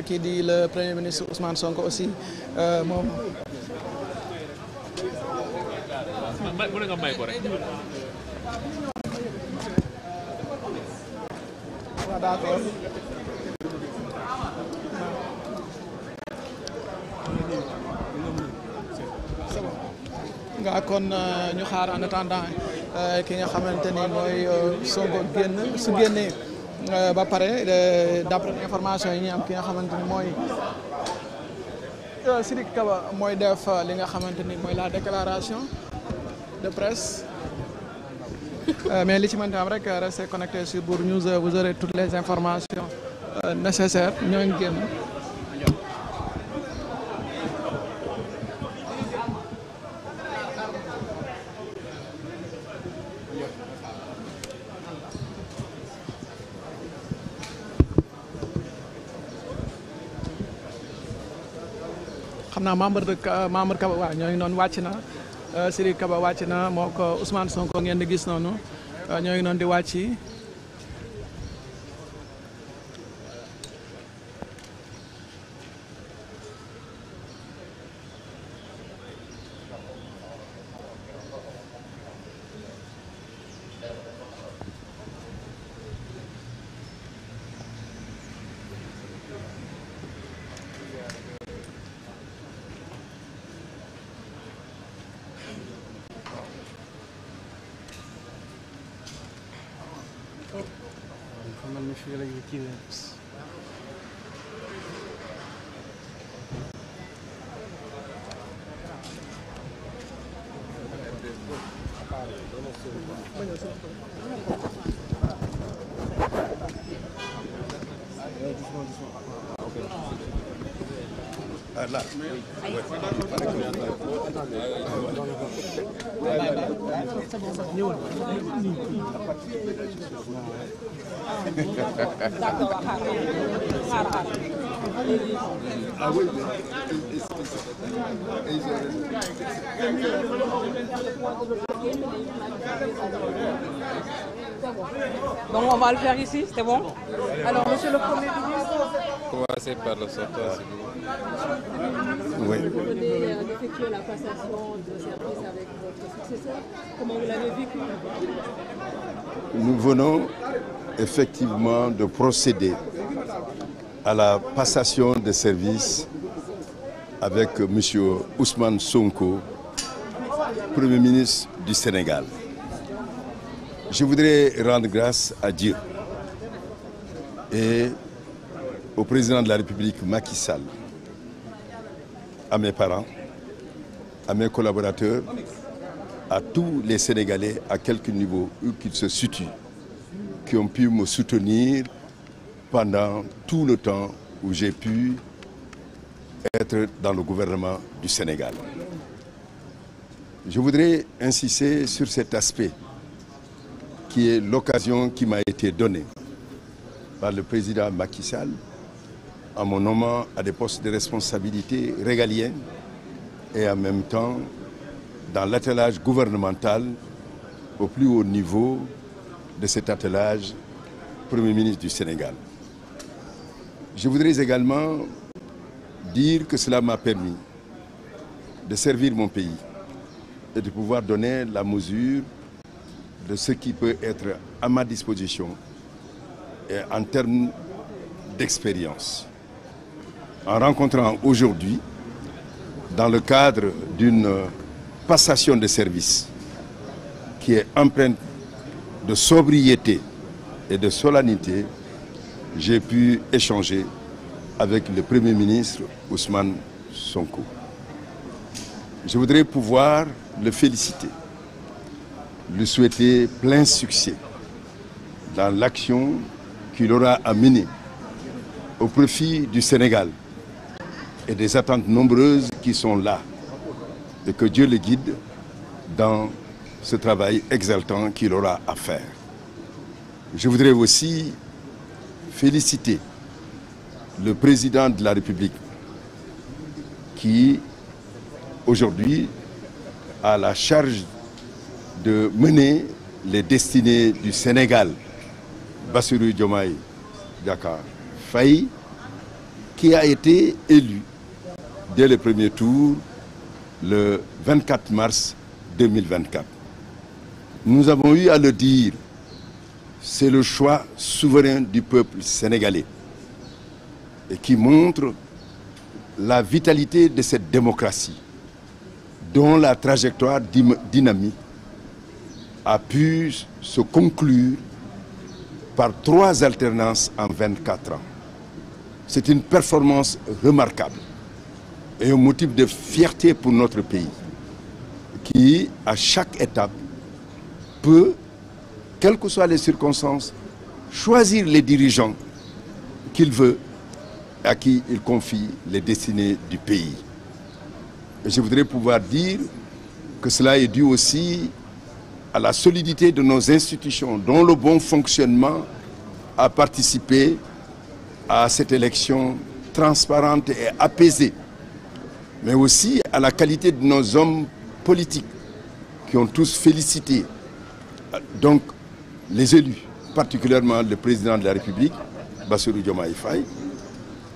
kii di le premier ministre Ousmane Sonko aussi euh, moom. nga kon euh, ñu xaar en attendant euh, ki nga xamante ni mooy Sonko génn su génnee. Eh, ba pare eh, d'après information yi ñu am ki nga xamante ni mooy eh, Sidiki Kaba mooy def li nga xamante ni mooy la déclaration de press mais li ci mënti am rek restez connecté sur Bour News vous aurez toutes les informations nécessaires ñoo ngi génn xam naa membre de membre Kaba waaw ñoo ngi noonu wàcc na si euh, Siri Kaba wàcc na moo ko Ousmane Sonko ngeen di gis noonu euh, ñoo ngi noonu di wàcc. dafa mel ni fii lañu kiiwee Là. Oui. Donc on va le faire ici, c'est bon Alors, monsieur le premier passer par le sortant, s'il vous euh, la passation de service avec votre successeur. Comment vous l'avez vécu Nous venons effectivement de procéder à la passation de service avec Monsieur Ousmane Sonko, Premier ministre du Sénégal. Je voudrais rendre grâce à Dieu et au président de la République Macky Sall, à mes parents, à mes collaborateurs, à tous les Sénégalais, à quelque niveau où qu'ils se situent, qui ont pu me soutenir pendant tout le temps où j'ai pu être dans le gouvernement du Sénégal. Je voudrais insister sur cet aspect qui est l'occasion qui m'a été donnée par le président Macky Sall à mon des postes de responsabilité régalienne et en même temps dans l'attelage gouvernemental au plus haut niveau de cet attelage Premier ministre du Sénégal. Je voudrais également dire que cela m'a permis de servir mon pays et de pouvoir donner la mesure de ce qui peut être à ma disposition et en termes d'expérience. en rencontrant aujourd'hui, dans le cadre d'une passation de service qui est empreinte de sobriété et de solennité, j'ai pu échanger avec le Premier ministre Ousmane Sonko. Je voudrais pouvoir le féliciter, lui souhaiter plein succès dans l'action qu'il aura à mener au profit du Sénégal et des attentes nombreuses qui sont là. Et que Dieu le guide dans ce travail exaltant qu'il aura à faire. Je voudrais aussi féliciter le président de la République qui, aujourd'hui, a la charge de mener les destinées du Sénégal. Bassirou Diomaye Diakhar Faye, qui a été élu dès le premier tour le 24 mars 2024. Nous avons eu à le dire, c'est le choix souverain du peuple sénégalais et qui vitalité de cette démocratie dont la trajectoire dynamique a pu se conclure par trois alternances en 24 ans. C'est une performance remarquable. est un motif de fierté pour notre pays, qui, à chaque étape, peut, quelles que soient les circonstances, choisir les dirigeants qu'il veut, à qui il confie les destinées du pays. Et je voudrais pouvoir dire que cela est dû aussi à la solidité de nos institutions, dont le bon fonctionnement a participé à cette élection transparente et apaisée mais aussi à la qualité de nos hommes politiques qui ont tous félicité donc les élus, particulièrement le président de la République, Bassirou Diomaye Faye,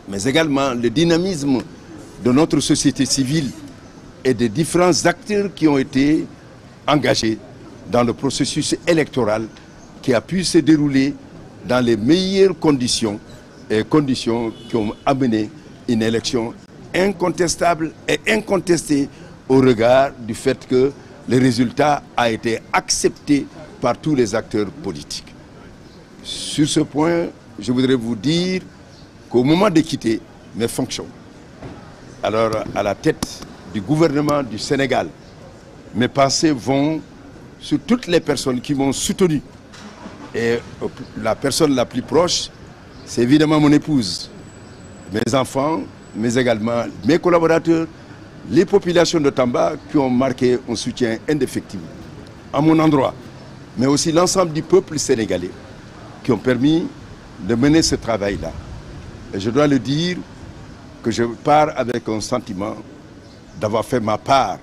mais également le dynamisme de notre société civile et des différents acteurs qui ont été engagés dans le processus électoral qui a pu se dérouler dans les meilleures conditions et conditions qui ont amené une élection incontestable et incontesté au regard du fait que le résultat a été accepté par tous les acteurs politiques. Sur ce point, je voudrais vous dire qu'au moment de quitter mes fonctions, alors à la tête du gouvernement du Sénégal, mes pensées vont sur toutes les personnes qui m'ont soutenu. Et la personne la plus proche, c'est évidemment mon épouse, mes enfants, mais également mes collaborateurs, les populations de Tamba qui ont marqué un soutien indéfectible à mon endroit, mais aussi l'ensemble du peuple sénégalais qui ont permis de mener ce travail-là. Et je dois le dire que je pars avec un sentiment d'avoir fait ma part.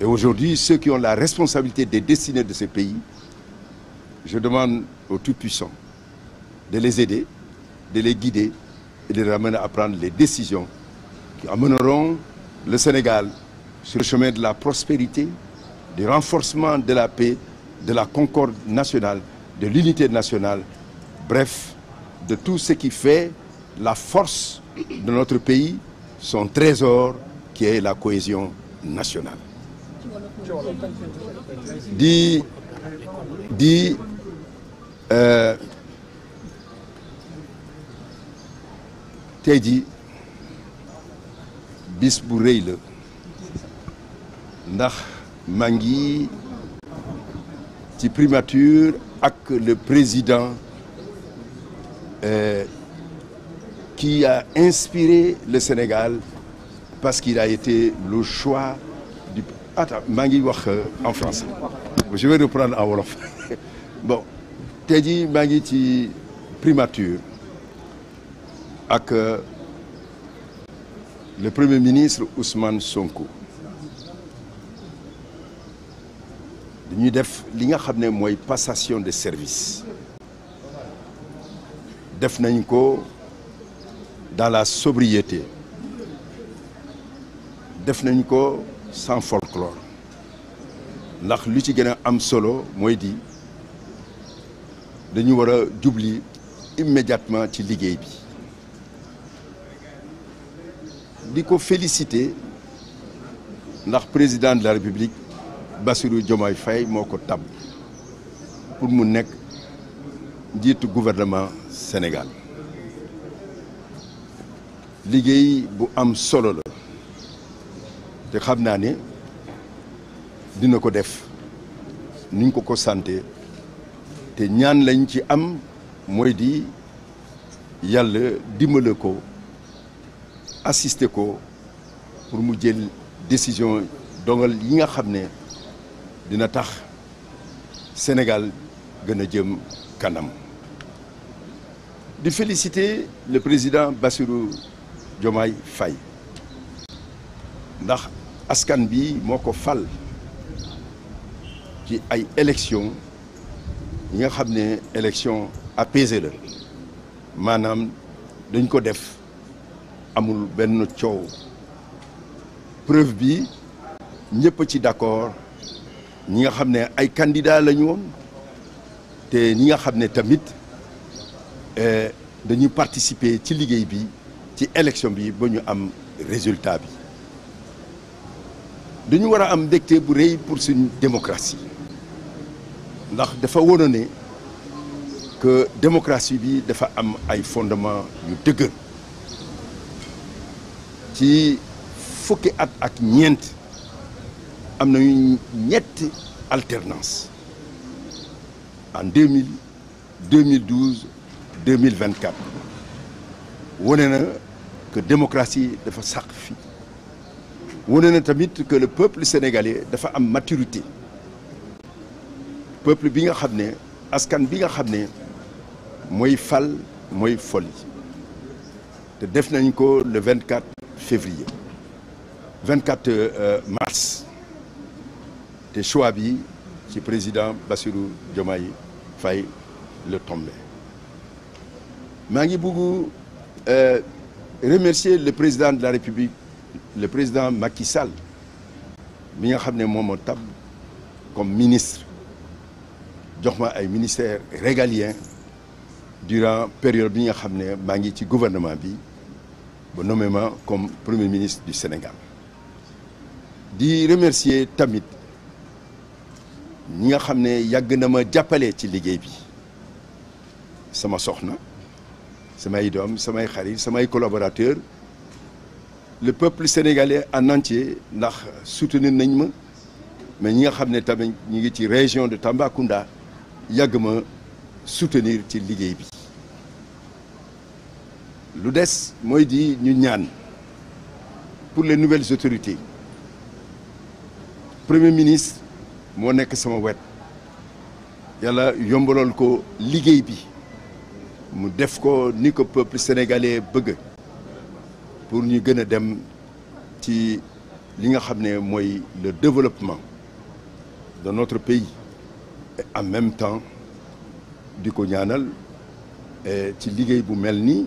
Et aujourd'hui, ceux qui ont la responsabilité des destinées de ce pays, je demande aux Tout-Puissants de les aider, de les guider et de les ramener à prendre les décisions qui amèneront le Sénégal sur le chemin de la prospérité, du renforcement de la paix, de la concorde nationale, de l'unité nationale, bref, de tout ce qui fait la force de notre pays, son trésor qui est la cohésion nationale. di di euh, tey jii bis bu rëy la ndax maa ngi ci primature ak le président euh, qui a inspiré le Sénégal parce qu'il a été le choix du attends maa ngi wax euh, en français je vais reprendre en wolof bon tey jii maa ngi ci primature ak euh, le Premier ministre Ousmane Sonko ñu def li nga xam ne mooy passation de service def nañ ko dans la sobriété def nañ ko sans folklore ndax lu ci gën a am solo mooy di dañu war a jubli immédiatement ci liggéey bi di ko félicité ndax président de la république Bassirou Diomaye Faye moo ko tab pour mu nekk njiitu gouvernement Sénégal liggéey bu am solo la te xam naa ne dina ko def niñ ko ko santé te ñaan lañ ci am mooy di yàlla dimbale ko assister ko pour mu jël décision dogal yi nga xam ne dina tax Sénégal gën a jëm kanam di féliciter le président Bassirou jomay fay ndax askan bi moo ko fal ci ay élection yi nga xam ne élection apaisée la maanaam dañ ko def amul benn coow preuve bi ñëpp ci d'accord ñi nga xam ne ay candidats lañu woon te ñi nga xam ne tamit eh, dañuy participer ci liggéey bi ci élection bi ba ñu am résultat bi dañu war a am mbégte bu rëy pour suñu démocratie ndax dafa wono ne que démocratie bi dafa am ay fondement yu dëgër ci fukki at ak ñeent am nañu ñetti alternance en 2000 2012 2024 wone na que démocratie dafa sàq fi wone na tamit que le peuple sénégalais dafa am maturité peuple bi nga xam ne askan bi nga xam ne mooy fal mooy foli te def nañ ko le 24 février 24 euh, mars te choix bi ci président Bassirou Diomaye Faye le tombé maa ngi bëgg euh, remercier le président de la République le président Macky Sall mi nga xam ne moom moo tab comme ministre jox ma ay ministères régaliens durant période bi nga xam ne maa ngi ci gouvernement bi ba nommé ma comme premier ministre du Sénégal di remercier tamit ñi nga xam ne yàgg na ma jàppale ci liggéey bi sama soxna samay doom samay xarit samay collaborateurs le peuple sénégalais en entier ndax soutenir nañ ma mais ñi nga xam ne tamit ñi ngi ci région de Tambacounda yàgg ma soutenir ci liggéey bi lu des mooy di ñu ñaan pour les nouvelles autorités premier ministre moo nekk sama wet yàlla yombaloon ko liggéey bi mu def ko ni ko peuple sénégalais bëgg pour ñu gën a dem ci li nga xam ne mooy le développement de notre pays et en même temps di ko ñaanal eh, ci liggéey bu mel nii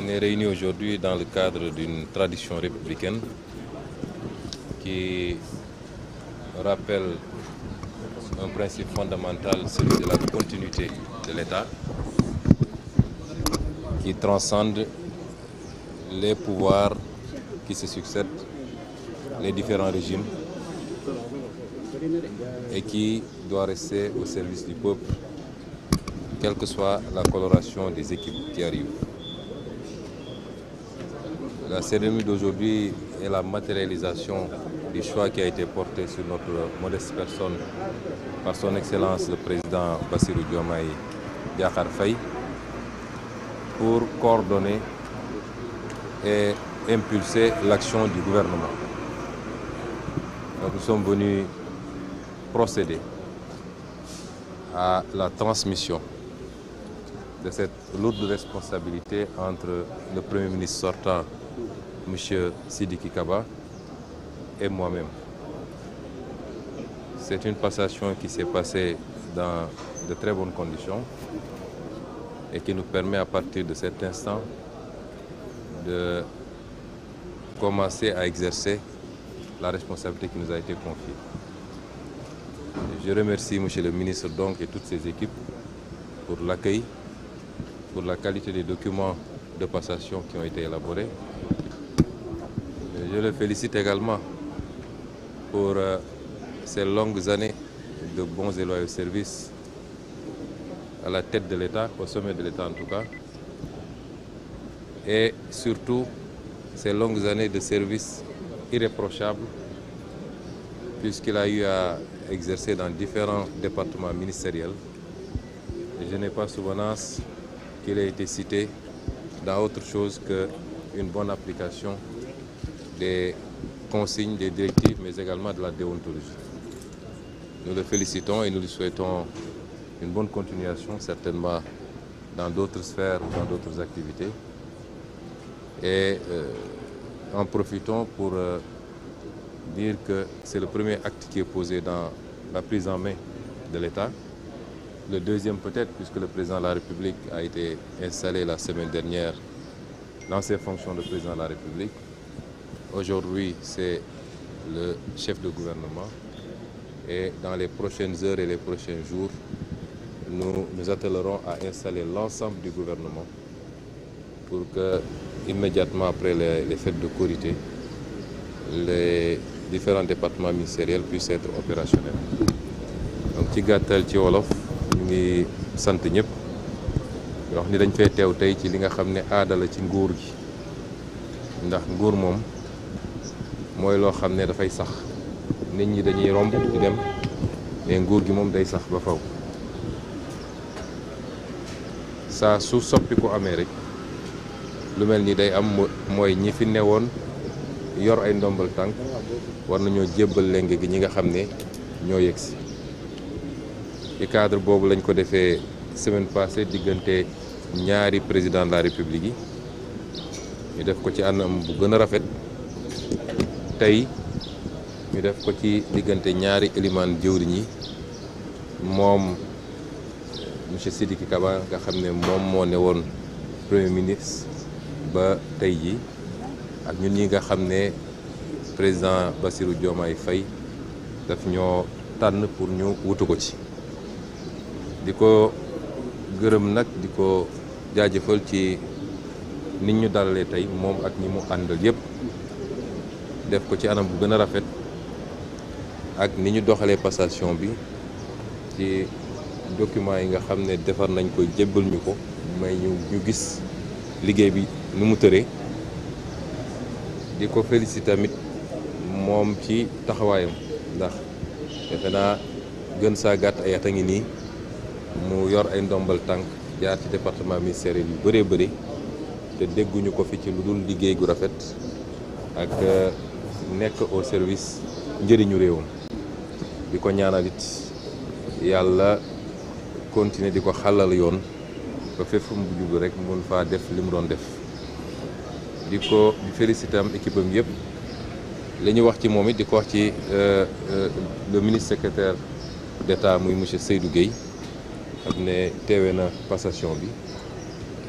On est réunis aujourd'hui dans le cadre d'une tradition républicaine qui rappelle un principe fondamental, celui de la continuité de l'État, qui transcende les pouvoirs qui se succèdent, les différents régimes, et qui doit rester au service du peuple, quelle que soit la coloration des équipes qui arrivent. La cérémonie d'aujourd'hui est la matérialisation du choix qui a été porté sur notre modeste personne par son Excellence le Président Bassirou Diomaye Diakhar Faye pour coordonner et impulser l'action du gouvernement. Donc nous sommes venus procéder à la transmission de cette lourde responsabilité entre le Premier ministre sortant M. Sidiki Kaba et moi-même. C'est une passation qui s'est passée dans de très bonnes conditions et qui nous permet à partir de cet instant de commencer à exercer la responsabilité qui nous a été confiée. Je remercie Monsieur le ministre donc et toutes ses équipes pour l'accueil, pour la qualité des documents de passation qui ont été élaborés je le félicite également pour euh, ces longues années de bons et loyaux services à la tête de l'État, au sommet de l'État en tout cas, et surtout ces longues années de service irréprochable puisqu'il a eu à exercer dans différents départements ministériels. Et je n'ai pas souvenance qu'il ait été cité dans autre chose qu'une bonne application des consignes, des directives, mais également de la déontologie. Nous le félicitons et nous lui souhaitons une bonne continuation, certainement dans d'autres sphères ou dans d'autres activités. Et euh, en profitons pour euh, dire que c'est le premier acte qui est posé dans la prise en main de l'État. Le deuxième peut-être, puisque le président de la République a été installé la semaine dernière dans ses fonctions de président de la République. Aujourd'hui, c'est le chef de gouvernement et dans les prochaines heures et les prochains jours, nous nous attellerons à installer l'ensemble du gouvernement pour que, immédiatement après les, les fêtes de Korité, les différents départements ministériels puissent être opérationnels. donc ci gàttal ci wolof ñu ngi sant ñëpp yoo xam ni dañ fay teew tey ci li nga xam ne aada ci nguur gi ndax nguur moom. mooy loo xam ne dafay sax nit ñi dañuy romb di dem mais nguur gi moom day sax ba faw saa su soppi ku amee rek lu mel ni day am mooy ñi fi newoon yor ay ndombal tànk war nañoo jébbal lenge gi ñi nga xam ne ñoo yegg si ci cadre boobu lañ ko defee semaine passée diggante ñaari président de la république yi ñu def ko ci anam bu gën a rafet tey ñu def ko ci diggante ñaari élimaan jëwriñ yi moom monsieur Sidiki Kaba nga xam ne moom moo ne woon premier ministre ba tey ji ak ñu ñi nga xam ne président basiru Diomaye Faye daf ñoo tànn pour ñu wutu ko ci di ko gërëm nag di ko jaajëfal ci nit ñu dalalee tey moom ak ñi mu àndal yépp def ko ci anam bu gën a rafet ak ni ñu doxalee passation bi ci document yi nga xam ne defar nañ ko jébbal ñu ko may ñu ñu gis liggéey bi nu mu tëree di ko féliciter tamit moom ci taxawaayam ndax defe naa gën saa gàtt ay a ngi nii mu yor ay ndombal tànk jaar ci département ministériel yu bëree bëri te dégguñu ko fi ci lu dul liggéey gu rafet ak nekk au service njëriñu réewam di ko ñaanal yàlla continuer di ko xàllal yoon ba fépp fu mu rek mun faa def li mu doon def di ko félicité am équipe am yëpp li ñu wax ci moom it di ko wax ci euh, euh, le ministre secrétaire d'État muy monsieur Seydou Guèye xam ne teewe na passation bi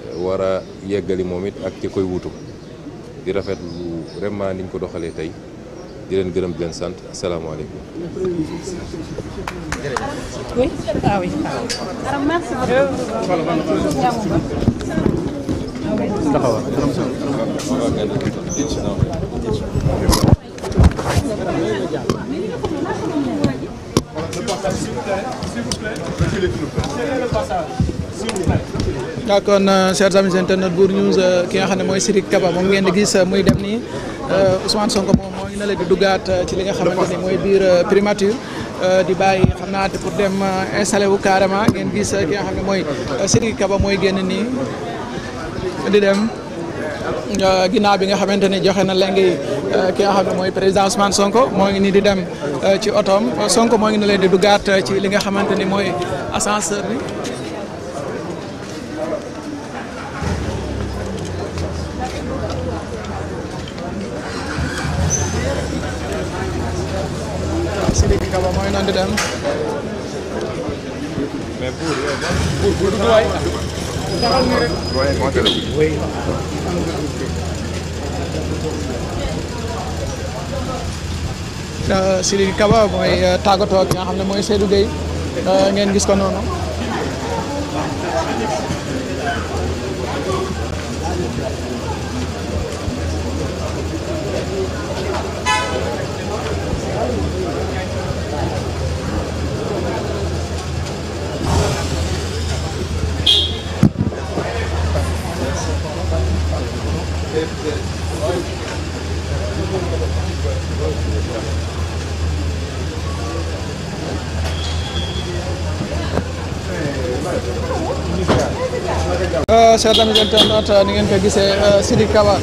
euh, war a yeggali moom it ak ci koy wutu di rafetlu vraiment niñ ko doxalee tey di leen gërëm di leen sant asalaamaaleykum. oui ah oui. alors merci beaucoup. kon chers amis internautes Bour News euh, ki nga xam ne mooy Sidiki Kaba moom ngeen di gis euh, muy dem nii. Euh, Ousmane Sonko moom moo ngi na leen di duggaat euh, ci li nga xamante mooy biir euh, primature di bàyyi xam naa pour dem installé wu carrément ngeen gis ki nga xam ne mooy Sidiki Kaba mooy génn ni di dem ginnaaw bi nga xamante ni joxe na léegi ki nga xam mooy président Ousmane Sonko moo ngi nii di dem ci otoom Sonko moo ngi na leen di duggaat ci li nga xamante ni mooy ascenseur bi. Sidiki Kaba mooy noonu di dem. mais buur ba. mooy tàggatoo ak nga xam ne mooy Seydou Gueye ngeen gis ko noonu. Euh, chers amis euh, ni ngeen ko gisee euh, Sidi Kaba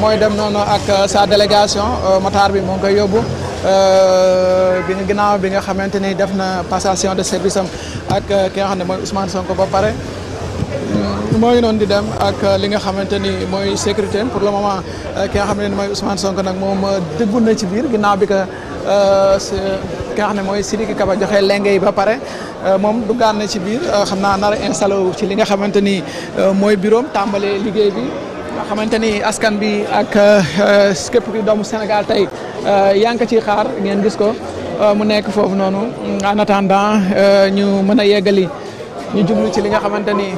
mooy dem noonu ak sa délégation motaar bi moo ngi koy yóbbu bi nga ginnaaw bi nga xamante ni def na passation de service ak ki nga xam ne mooy Ousmane Sonko ba pare mooy noonu di dem ak euh, li nga xamante ni mooy sécurité pour le moment euh, ki nga xam ne mooy Ousmane sonk nag moom euh, déggu na ci biir ginnaaw bi ko ki nga xam mooy Sidiki Kaba joxe lenge yi ba pare moom duggaan na ci biir xam naa nar a installé ci li nga xamante ni mooy bureau tàmbale liggéey bi. nga xamante ni askan bi ak képp ki doomu Sénégal tey yaa ngi ko ciy xaar ngeen gis ko mu nekk foofu noonu en attendant ñu mën a yeggali. ñu jublu ci li nga xamante ni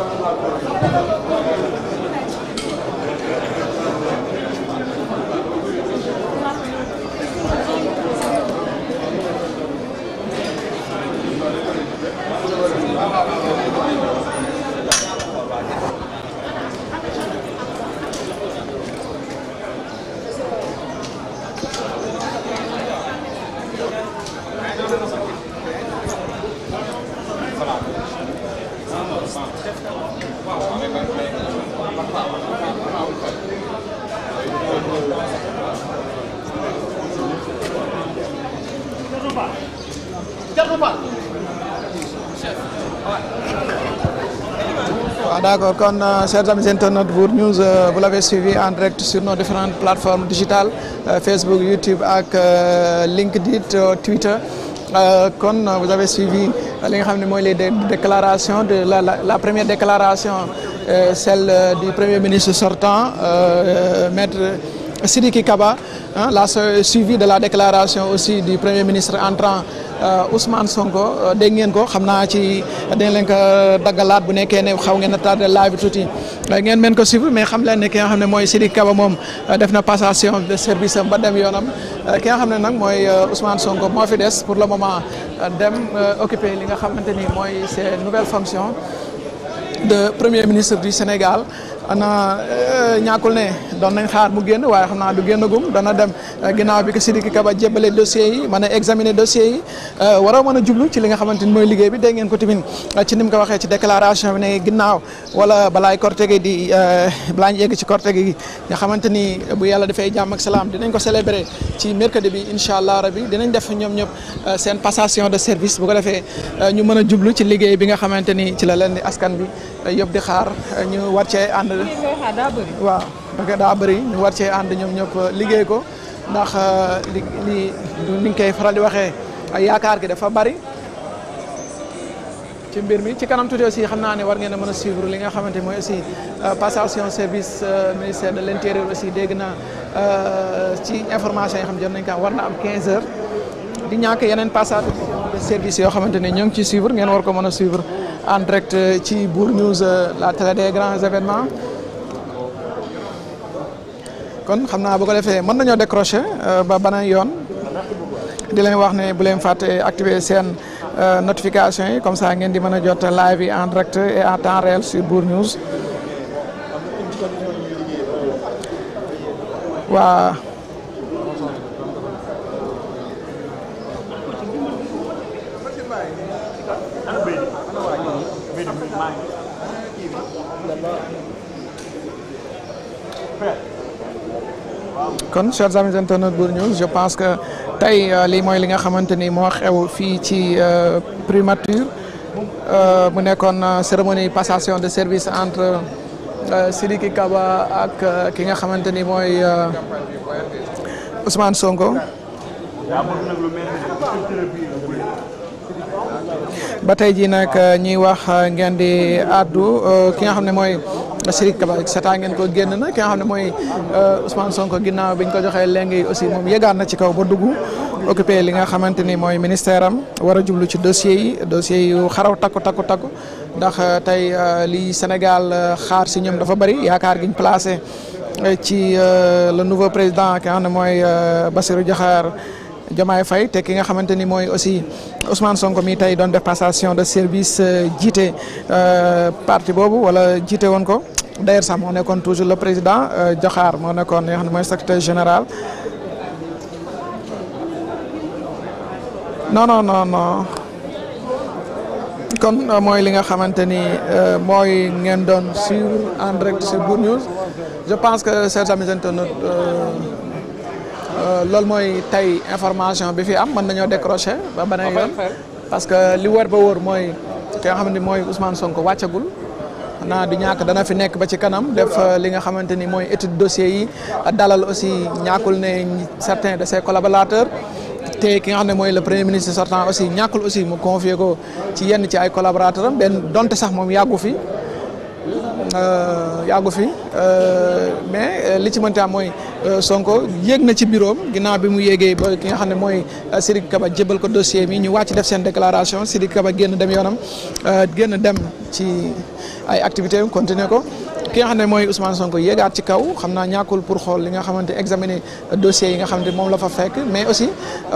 D'accord, kon euh, chers amis internautes, World News, euh, vous l'avez suivi en direct sur nos différentes plateformes digitales, euh, Facebook, YouTube ak LinkedIn, Twitter. kon vous avez suivi li nga xam ne mooy les déclarations de la la première déclaration celle du premier ministre sortant maître Sidiki Kaba hein, la suivi de la déclaration aussi du premier ministre entrant euh, Ousmane Sonko euh, ngeen ko xam naa ci dañ leen ko daggalaat bu nekkee ne xaw ngeen a tardé live bi tuuti euh, ngeen mën ko suivre mais xam leen ne ki nga xam ne mooy Sidiki Kaba moom euh, def na passation de service ba dem yoonam euh, ki nga xam ne nag mooy Ousmane Sonko moo fi des pour le moment dem occuper li nga xamante ni mooy ses nouvelles fonctions de premier ministre du Sénégal. ana eh, ñàkkul ne doon xaar mu génn waaye xam naa du génn gum dana dem eh, ginnaaw bi ko Sidiki Kaba jébale dossiers yi mën a examiner dossiers yi eh, war a jublu ci li nga xamante ni mooy liggéey bi dégg ngeen ko tamit ci ni mu ko waxee ci déclaration bi ne ginnaaw wala balaay korte gi di balaa ñu gi nga xamante ni bu yàlla dafay jàmm ak salaam dinañ ko célébrer ci mercredi bi incha allah rabi dinañ def ñoom ñëpp seen passation de service bu ko defee ñu mën a jublu ci liggéey bi nga xamante ni ci la leen di askan bi yëpp di xaar ñu war cee waaw parce que daa bëri ñu war ñoom ñëpp liggéey ko ndax euh, li li ni nga koy faral di waxee yaakaar gi dafa bari ci mbir mi ci kanam tuuti aussi xam naa ne war ngeen a mën a suivre li nga xamante mooy aussi euh, passation service euh, ministère de l' intérieur aussi dégg na ci information yi xam jot nañ ko war na am 15 heures di ñàkk yeneen passation de service yoo xamante ne ñoo ngi ciy suivre ngeen war ko mën a suivre en direct ci Bour News la télé des grands événements kon xam naa bu ko defee mën nañoo décrocher euh, ba beneen yoon di leen wax ne bu leen fàtte activer seen euh, notification yi comme ça ngeen di mën a jot live yi en direct et en temps réel sur Bour News kon chers amis internautes Bour News je pense que tey euh, lii mooy li nga xamante ni moo xew fii ci euh, primature euh, mu nekkoon cérémonie passation de service entre Sidiki Kaba ak ki nga xamante ni mooy Ousmane Sonko. ba tey jii nag ñuy wax ngeen di àddu ki nga xam ne mooy. Bassirou Kaba setaa ngeen ko génn na ki nga xam ne mooy euh, Ousmane Sonko ginnaaw biñ ko joxee léegi aussi moom yëgaan na ci kaw ba dugg occupé li nga xamante ni mooy ministère am war a jublu ci dossiers yi dossiers yu xaraw takku takku takku ndax euh, tey euh, li Sénégal xaar si ñoom dafa bari yaakaar giñ placé ci la nouveau président ki nga xam ne mooy bassiru Diakhar Diomaye fay te ki nga xamante ni mooy aussi Ousmane Sonko mi tey doon dépassation de service euh, jiite euh, parti boobu wala jiite woon ko d'ailleurs sax moo nekkoon toujours le président euh, Diakhar moo nekkoon nga xam mooy secrétaire général. non kon mooy li nga xamante ni mooy ngeen doon suivre en direct sur Good News je pense que chers amis internautes. Euh, loolu mooy tey information bi fi am mën nañoo décrocher ba beneen yoon parce que li wër ba wër mooy ki nga xam ne mooy Ousmane sonk wàccagul naa du ñàkk dana fi nekk ba ci kanam def euh, li nga xamante ni mooy étude dossier yi dalal aussi ñàkkul ne certains de ses collaborateurs te ki nga xam ne mooy le premier ministre sortant aussi ñàkkul aussi mu confier ko ci yenn ci ay collaborateurs am benn donte sax moom yàggu fi Euh, yàggu fi euh, mais euh, li ci mënta am mooy Sonko yéeg na ci bureau am ginnaaw bi mu yéegee ba ki nga xam ne mooy Sidiki Kaba jébbal ko dossier mi ñu wàcc def seen déclaration kab a génn dem yoonam génn dem ci ay activités am continuer ko. ki nga xam ne mooy Ousmane Sonko yéegaat ci kaw xam naa ñàkkul pour xool li xamante examiner dossier yi nga xamante moom la fa fekk mais aussi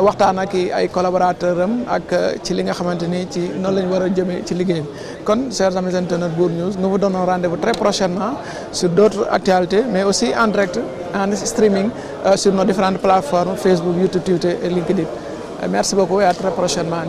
waxtaan ay collaborateur ak euh, ci li nga xamante ni ci noonu lañ war a jëmee ci liggéey kon chers amis internautes Bour News nous vous donnons rendez-vous très prochainement sur d'autres actualités mais aussi en direct en streaming euh, sur nos différentes plateformes Facebook YouTube Twitter et LinkedIn euh, merci beaucoup et très prochainement.